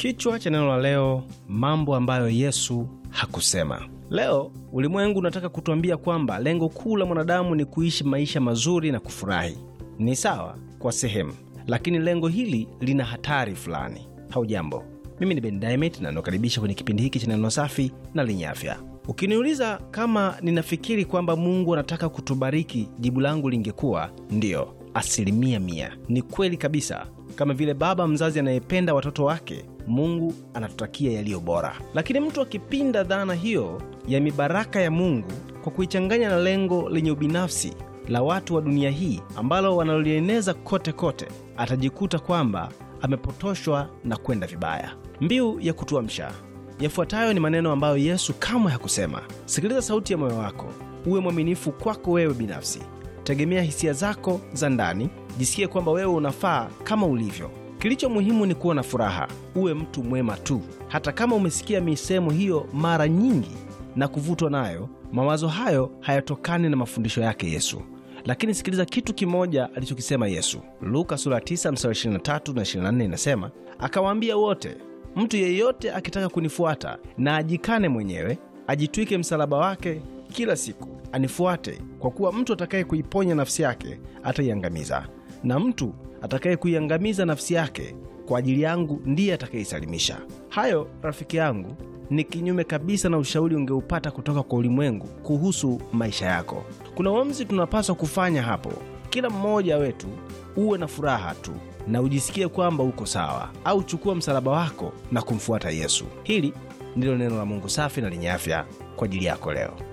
Kichwa cha neno la leo, mambo ambayo Yesu hakusema. Leo ulimwengu unataka kutuambia kwamba lengo kuu la mwanadamu ni kuishi maisha mazuri na kufurahi. Ni sawa kwa sehemu, lakini lengo hili lina hatari fulani. Haujambo, mimi ni Ben Diamond na nakaribisha kwenye kipindi hiki cha neno safi na lenye afya. Ukiniuliza kama ninafikiri kwamba Mungu anataka kutubariki, jibu langu lingekuwa ndiyo asilimia mia. Ni kweli kabisa, kama vile baba mzazi anayependa watoto wake, Mungu anatutakia yaliyo bora. Lakini mtu akipinda dhana hiyo ya mibaraka ya Mungu kwa kuichanganya na lengo lenye ubinafsi la watu wa dunia hii ambalo wanalolieneza kote kote, atajikuta kwamba amepotoshwa na kwenda vibaya. Mbiu ya kutuamsha yafuatayo ni maneno ambayo Yesu kamwe hakusema. Sikiliza sauti ya moyo wako, uwe mwaminifu kwako wewe binafsi tegemea hisia zako za ndani, jisikie kwamba wewe unafaa kama ulivyo. Kilicho muhimu ni kuwa na furaha, uwe mtu mwema tu. Hata kama umesikia misemo hiyo mara nyingi na kuvutwa nayo, mawazo hayo hayatokani na mafundisho yake Yesu. Lakini sikiliza kitu kimoja alichokisema Yesu. Luka sura 9 mstari 23 na 24 inasema, akawaambia wote, mtu yeyote akitaka kunifuata na ajikane mwenyewe, ajitwike msalaba wake kila siku anifuate, kwa kuwa mtu atakaye kuiponya nafsi yake ataiangamiza, na mtu atakaye kuiangamiza nafsi yake kwa ajili yangu ndiye atakayeisalimisha. Hayo rafiki yangu ni kinyume kabisa na ushauri ungeupata kutoka kwa ulimwengu kuhusu maisha yako. Kuna uamuzi tunapaswa kufanya hapo. Kila mmoja wetu uwe na furaha tu na ujisikie kwamba uko sawa, au chukua msalaba wako na kumfuata Yesu. Hili ndilo neno la Mungu safi na lenye afya kwa ajili yako leo.